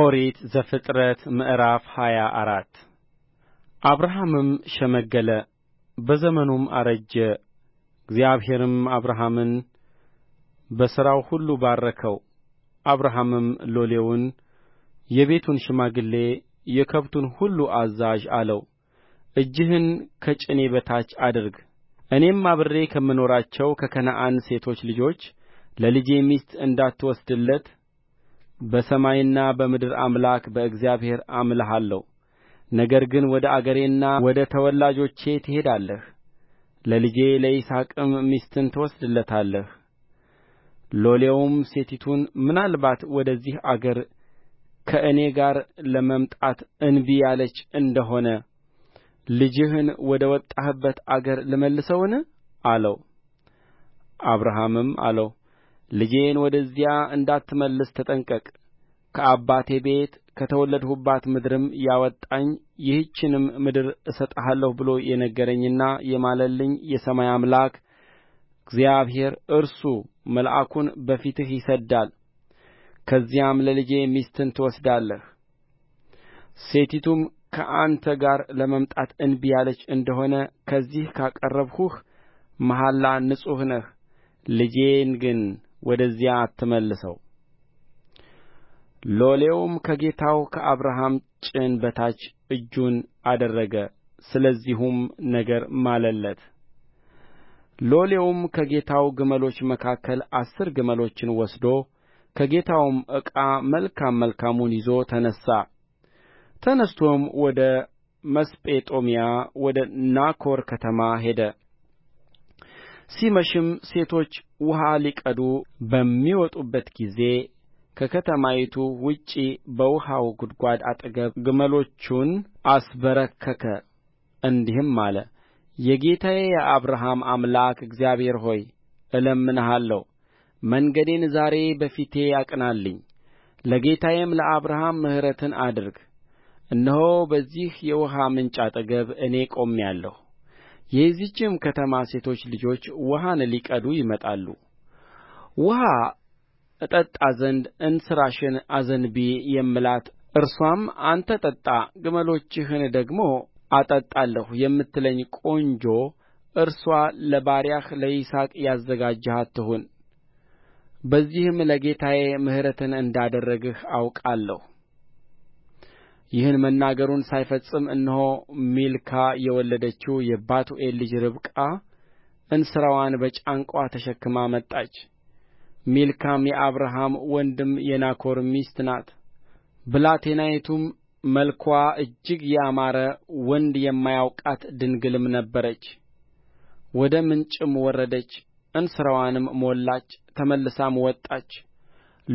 ኦሪት ዘፍጥረት ምዕራፍ ሃያ አራት አብርሃምም ሸመገለ በዘመኑም አረጀ እግዚአብሔርም አብርሃምን በሥራው ሁሉ ባረከው አብርሃምም ሎሌውን የቤቱን ሽማግሌ የከብቱን ሁሉ አዛዥ አለው እጅህን ከጭኔ በታች አድርግ እኔም አብሬ ከምኖራቸው ከከነዓን ሴቶች ልጆች ለልጄ ሚስት እንዳትወስድለት በሰማይና በምድር አምላክ በእግዚአብሔር አምልሃለሁ ነገር ግን ወደ አገሬና ወደ ተወላጆቼ ትሄዳለህ ለልጄ ለይስሐቅም ሚስትን ትወስድለታለህ ሎሌውም ሴቲቱን ምናልባት ወደዚህ አገር ከእኔ ጋር ለመምጣት እንቢ ያለች እንደሆነ ልጅህን ወደ ወጣህበት አገር ልመልሰውን አለው አብርሃምም አለው ልጄን ወደዚያ እንዳትመልስ ተጠንቀቅ ከአባቴ ቤት ከተወለድሁባት ምድርም ያወጣኝ ይህችንም ምድር እሰጥሃለሁ ብሎ የነገረኝና የማለልኝ የሰማይ አምላክ እግዚአብሔር እርሱ መልአኩን በፊትህ ይሰድዳል ከዚያም ለልጄ ሚስትን ትወስዳለህ ሴቲቱም ከአንተ ጋር ለመምጣት እንቢ ያለች እንደሆነ ከዚህ ካቀረብሁህ መሐላ ንጹሕ ነህ ልጄን ግን ወደዚያ አትመልሰው ሎሌውም ከጌታው ከአብርሃም ጭን በታች እጁን አደረገ ስለዚሁም ነገር ማለለት ሎሌውም ከጌታው ግመሎች መካከል አሥር ግመሎችን ወስዶ ከጌታውም ዕቃ መልካም መልካሙን ይዞ ተነሣ ተነሥቶም ወደ መስጴጦምያ ወደ ናኮር ከተማ ሄደ ሲመሽም ሴቶች ውኃ ሊቀዱ በሚወጡበት ጊዜ ከከተማይቱ ውጭ በውኃው ጕድጓድ አጠገብ ግመሎቹን አስበረከከ እንዲህም አለ የጌታዬ የአብርሃም አምላክ እግዚአብሔር ሆይ እለምንሃለሁ መንገዴን ዛሬ በፊቴ አቅናልኝ ለጌታዬም ለአብርሃም ምሕረትን አድርግ እነሆ በዚህ የውኃ ምንጭ አጠገብ እኔ ቆሜአለሁ የዚህችም ከተማ ሴቶች ልጆች ውኃን ሊቀዱ ይመጣሉ ውኃ እጠጣ ዘንድ እንስራሽን አዘንብዪ የምላት እርስዋም አንተ ጠጣ ግመሎችህን ደግሞ አጠጣለሁ የምትለኝ ቆንጆ እርስዋ ለባሪያህ ለይስሐቅ ያዘጋጀሃት ትሁን በዚህም ለጌታዬ ምሕረትን እንዳደረግህ አውቃለሁ ይህን መናገሩን ሳይፈጽም እነሆ ሚልካ የወለደችው የባቱኤል ልጅ ርብቃ እንስራዋን በጫንቃዋ ተሸክማ መጣች ሚልካም የአብርሃም ወንድም የናኮር ሚስት ናት ብላቴናይቱም መልክዋ እጅግ ያማረ ወንድ የማያውቃት ድንግልም ነበረች ወደ ምንጭም ወረደች እንስራዋንም ሞላች ተመልሳም ወጣች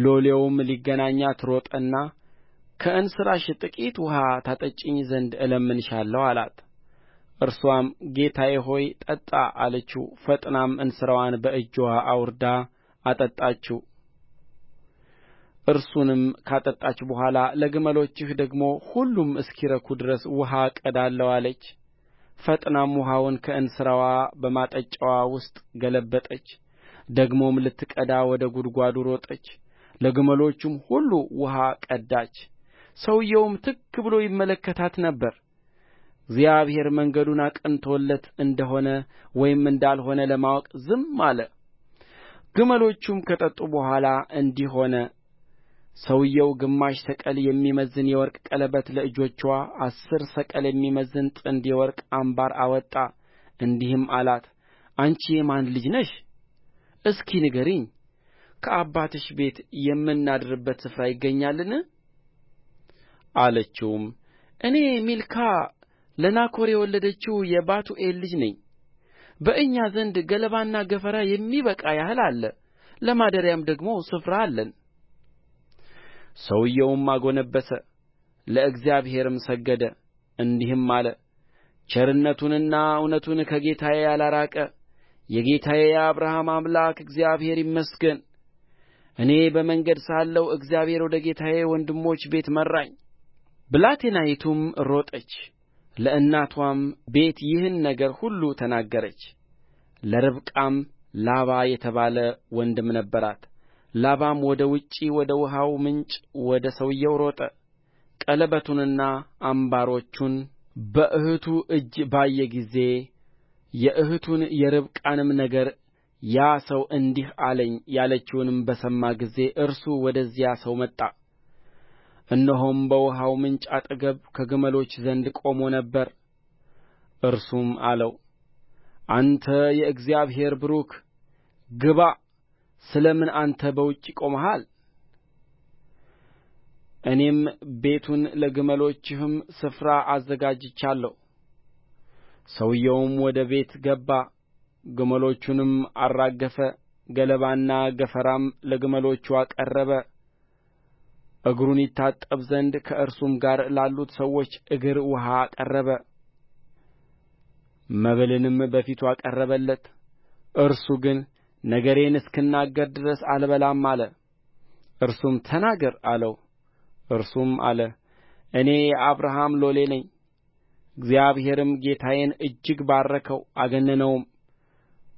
ሎሌውም ሊገናኛት ሮጠና ከእንስራሽ ጥቂት ውኃ ታጠጪኝ ዘንድ እለምንሻለሁ አላት እርስዋም ጌታዬ ሆይ ጠጣ አለችው ፈጥናም እንስራዋን በእጅዋ አውርዳ አጠጣችው እርሱንም ካጠጣች በኋላ ለግመሎችህ ደግሞ ሁሉም እስኪረኩ ድረስ ውኃ እቀዳለሁ አለች ፈጥናም ውኃውን ከእንስራዋ በማጠጫዋ ውስጥ ገለበጠች ደግሞም ልትቀዳ ወደ ጕድጓዱ ሮጠች ለግመሎቹም ሁሉ ውኃ ቀዳች ሰውዮውም ትክ ብሎ ይመለከታት ነበር እግዚአብሔር መንገዱን አቅንቶለት እንደ ሆነ ወይም እንዳልሆነ ለማወቅ ዝም አለ ግመሎቹም ከጠጡ በኋላ እንዲህ ሆነ ሰውዮው ግማሽ ሰቅል የሚመዝን የወርቅ ቀለበት ለእጆችዋ አሥር ሰቅል የሚመዝን ጥንድ የወርቅ አምባር አወጣ እንዲህም አላት አንቺ የማን ልጅ ነሽ እስኪ ንገሪኝ ከአባትሽ ቤት የምናድርበት ስፍራ ይገኛልን አለችውም እኔ ሚልካ ለናኮር የወለደችው የባቱኤል ልጅ ነኝ በእኛ ዘንድ ገለባና ገፈራ የሚበቃ ያህል አለ ለማደሪያም ደግሞ ስፍራ አለን ሰውዮውም አጎነበሰ ለእግዚአብሔርም ሰገደ እንዲህም አለ ቸርነቱንና እውነቱን ከጌታዬ ያላራቀ የጌታዬ የአብርሃም አምላክ እግዚአብሔር ይመስገን እኔ በመንገድ ሳለሁ እግዚአብሔር ወደ ጌታዬ ወንድሞች ቤት መራኝ ብላቴናይቱም ሮጠች ለእናትዋም ቤት ይህን ነገር ሁሉ ተናገረች ለርብቃም ላባ የተባለ ወንድም ነበራት ላባም ወደ ውጪ ወደ ውኃው ምንጭ ወደ ሰውዮው ሮጠ ቀለበቱንና አምባሮቹን በእኅቱ እጅ ባየ ጊዜ የእኅቱን የርብቃንም ነገር ያ ሰው እንዲህ አለኝ ያለችውን በሰማ ጊዜ እርሱ ወደዚያ ሰው መጣ እነሆም በውኃው ምንጭ አጠገብ ከግመሎች ዘንድ ቆሞ ነበር እርሱም አለው አንተ የእግዚአብሔር ቡሩክ ግባ ስለ ምን አንተ በውጭ ቆመሃል እኔም ቤቱን ለግመሎችህም ስፍራ አዘጋጅቼአለሁ ሰውዮውም ወደ ቤት ገባ ግመሎቹንም አራገፈ ገለባና ገፈራም ለግመሎቹ አቀረበ እግሩን ይታጠብ ዘንድ ከእርሱም ጋር ላሉት ሰዎች እግር ውኃ አቀረበ መብልንም በፊቱ አቀረበለት እርሱ ግን ነገሬን እስክናገር ድረስ አልበላም አለ እርሱም ተናገር አለው እርሱም አለ እኔ የአብርሃም ሎሌ ነኝ እግዚአብሔርም ጌታዬን እጅግ ባረከው አገነነውም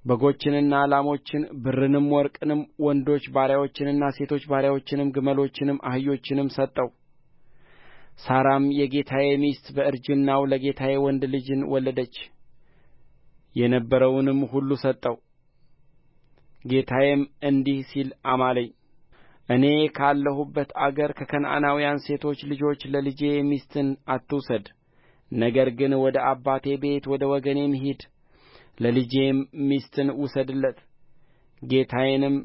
በጎችንና ላሞችን ብርንም ወርቅንም ወንዶች ባሪያዎችንና ሴቶች ባሪያዎችንም ግመሎችንም አህዮችንም ሰጠው ሣራም የጌታዬ ሚስት በእርጅናው ለጌታዬ ወንድ ልጅን ወለደች የነበረውንም ሁሉ ሰጠው ጌታዬም እንዲህ ሲል አማለኝ እኔ ካለሁበት አገር ከከነዓናውያን ሴቶች ልጆች ለልጄ ሚስትን አትውሰድ ነገር ግን ወደ አባቴ ቤት ወደ ወገኔም ሂድ ለልጄም ሚስትን ውሰድለት ጌታዬንም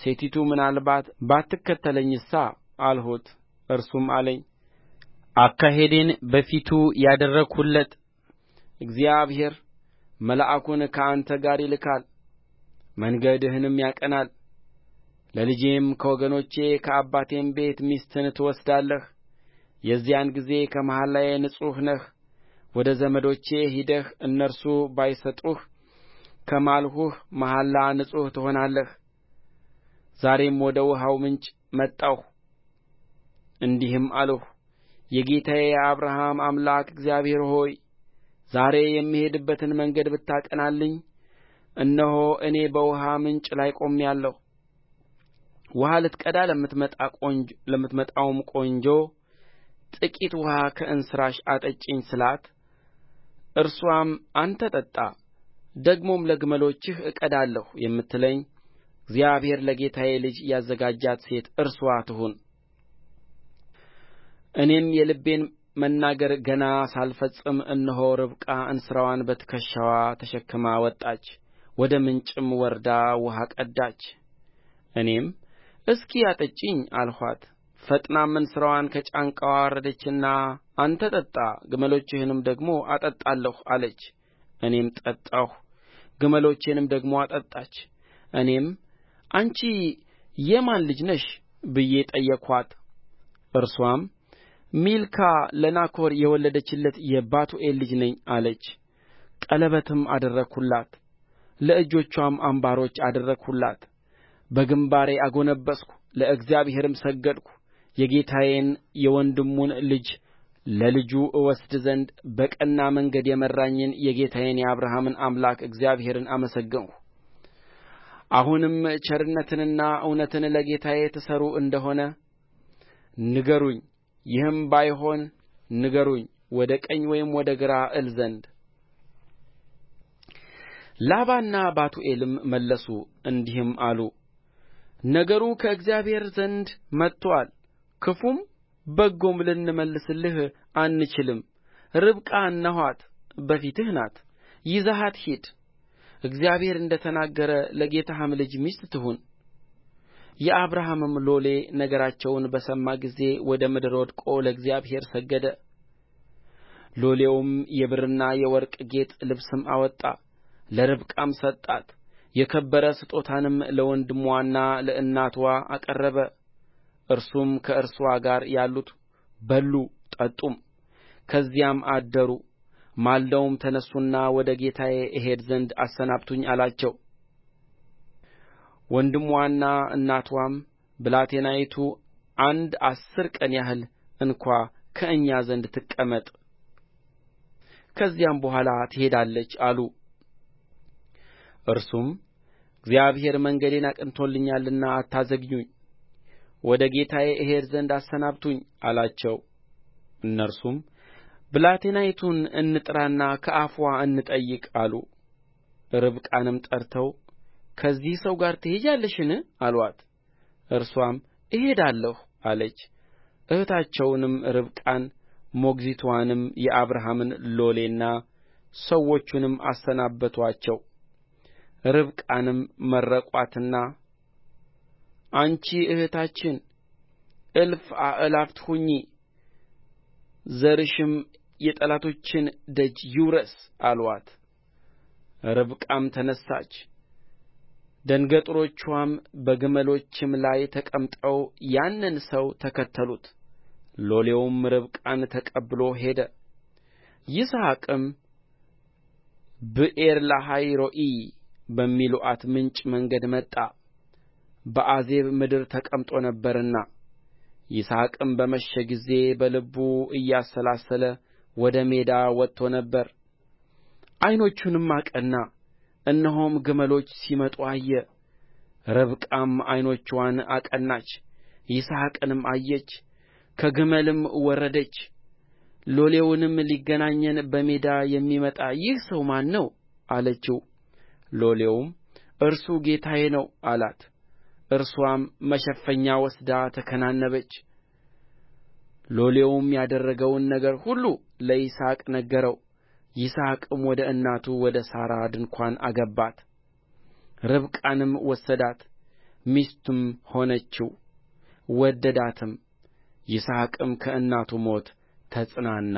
ሴቲቱ ምናልባት ባትከተለኝሳ አልሁት እርሱም አለኝ አካሄዴን በፊቱ ያደረግሁለት እግዚአብሔር መልአኩን ከአንተ ጋር ይልካል መንገድህንም ያቀናል ለልጄም ከወገኖቼ ከአባቴም ቤት ሚስትን ትወስዳለህ የዚያን ጊዜ ከመሐላዬ ንጹሕ ነህ ወደ ዘመዶቼ ሄደህ እነርሱ ባይሰጡህ ከማልሁህ መሐላ ንጹሕ ትሆናለህ ዛሬም ወደ ውኃው ምንጭ መጣሁ እንዲህም አልሁ የጌታዬ የአብርሃም አምላክ እግዚአብሔር ሆይ ዛሬ የምሄድበትን መንገድ ብታቀናልኝ እነሆ እኔ በውኃ ምንጭ ላይ ቆሜአለሁ ውኃ ልትቀዳ ለምትመጣውም ቆንጆ ጥቂት ውኃ ከእንስራሽ አጠጪኝ ስላት እርስዋም አንተ ጠጣ ደግሞም ለግመሎችህ እቀዳለሁ የምትለኝ እግዚአብሔር ለጌታዬ ልጅ ያዘጋጃት ሴት እርስዋ ትሁን እኔም የልቤን መናገር ገና ሳልፈጽም እነሆ ርብቃ እንስራዋን በትከሻዋ ተሸክማ ወጣች ወደ ምንጭም ወርዳ ውኃ ቀዳች እኔም እስኪ አጠጪኝ አልኋት ፈጥናም እንስራዋን ከጫንቃዋ አወረደችና አንተ ጠጣ ግመሎችህንም ደግሞ አጠጣለሁ አለች እኔም ጠጣሁ ግመሎቼንም ደግሞ አጠጣች እኔም አንቺ የማን ልጅ ነሽ ብዬ ጠየቅኋት እርስዋም ሚልካ ለናኮር የወለደችለት የባቱኤል ልጅ ነኝ አለች ቀለበትም አደረግሁላት ለእጆቿም አምባሮች አደረግሁላት በግምባሬ አጎነበስሁ ለእግዚአብሔርም ሰገድሁ የጌታዬን የወንድሙን ልጅ ለልጁ እወስድ ዘንድ በቀና መንገድ የመራኝን የጌታዬን የአብርሃምን አምላክ እግዚአብሔርን አመሰገንሁ አሁንም ቸርነትንና እውነትን ለጌታዬ ትሠሩ እንደ ሆነ ንገሩኝ ይህም ባይሆን ንገሩኝ ወደ ቀኝ ወይም ወደ ግራ እል ዘንድ ላባና ባቱኤልም መለሱ እንዲህም አሉ ነገሩ ከእግዚአብሔር ዘንድ መጥቶአል ክፉም በጎም ልንመልስልህ አንችልም ርብቃ እንኋት በፊትህ ናት ይዘሃት ሂድ እግዚአብሔር እንደ ተናገረ ለጌታህም ልጅ ሚስት ትሁን የአብርሃምም ሎሌ ነገራቸውን በሰማ ጊዜ ወደ ምድር ወድቆ ለእግዚአብሔር ሰገደ ሎሌውም የብርና የወርቅ ጌጥ ልብስም አወጣ ለርብቃም ሰጣት የከበረ ስጦታንም ለወንድምዋና ለእናትዋ አቀረበ እርሱም ከእርስዋ ጋር ያሉት በሉ ጠጡም ከዚያም አደሩ ማልደውም ተነሡና ወደ ጌታዬ እሄድ ዘንድ አሰናብቱኝ አላቸው ወንድምዋና እናትዋም ብላቴናይቱ አንድ አሥር ቀን ያህል እንኳ ከእኛ ዘንድ ትቀመጥ ከዚያም በኋላ ትሄዳለች አሉ እርሱም እግዚአብሔር መንገዴን አቅንቶልኛልና አታዘግዩኝ ወደ ጌታዬ እሄድ ዘንድ አሰናብቱኝ አላቸው እነርሱም ብላቴናይቱን እንጥራና ከአፍዋ እንጠይቅ አሉ ርብቃንም ጠርተው ከዚህ ሰው ጋር ትሄጃለሽን አሉአት እርስዋም እሄዳለሁ አለች እኅታቸውንም ርብቃን ሞግዚትዋንም የአብርሃምን ሎሌና ሰዎቹንም አሰናበቱአቸው ርብቃንም መረቋትና አንቺ እኅታችን እልፍ አእላፋት ሁኚ ዘርሽም የጠላቶችን ደጅ ይውረስ አሉአት ርብቃም ተነሣች ደንገጥሮችዋም በግመሎችም ላይ ተቀምጠው ያንን ሰው ተከተሉት ሎሌውም ርብቃን ተቀብሎ ሄደ ይስሐቅም ብኤርለሃይሮኢ በሚሉአት ምንጭ መንገድ መጣ በአዜብ ምድር ተቀምጦ ነበርና ይስሐቅም በመሸ ጊዜ በልቡ እያሰላሰለ ወደ ሜዳ ወጥቶ ነበር ዓይኖቹንም አቀና እነሆም ግመሎች ሲመጡ አየ ርብቃም ዓይኖችዋን አቀናች ይስሐቅንም አየች ከግመልም ወረደች ሎሌውንም ሊገናኘን በሜዳ የሚመጣ ይህ ሰው ማን ነው አለችው ሎሌውም እርሱ ጌታዬ ነው አላት እርስዋም መሸፈኛ ወስዳ ተከናነበች ሎሌውም ያደረገውን ነገር ሁሉ ለይስሐቅ ነገረው ይስሐቅም ወደ እናቱ ወደ ሣራ ድንኳን አገባት ርብቃንም ወሰዳት ሚስትም ሆነችው ወደዳትም ይስሐቅም ከእናቱ ሞት ተጽናና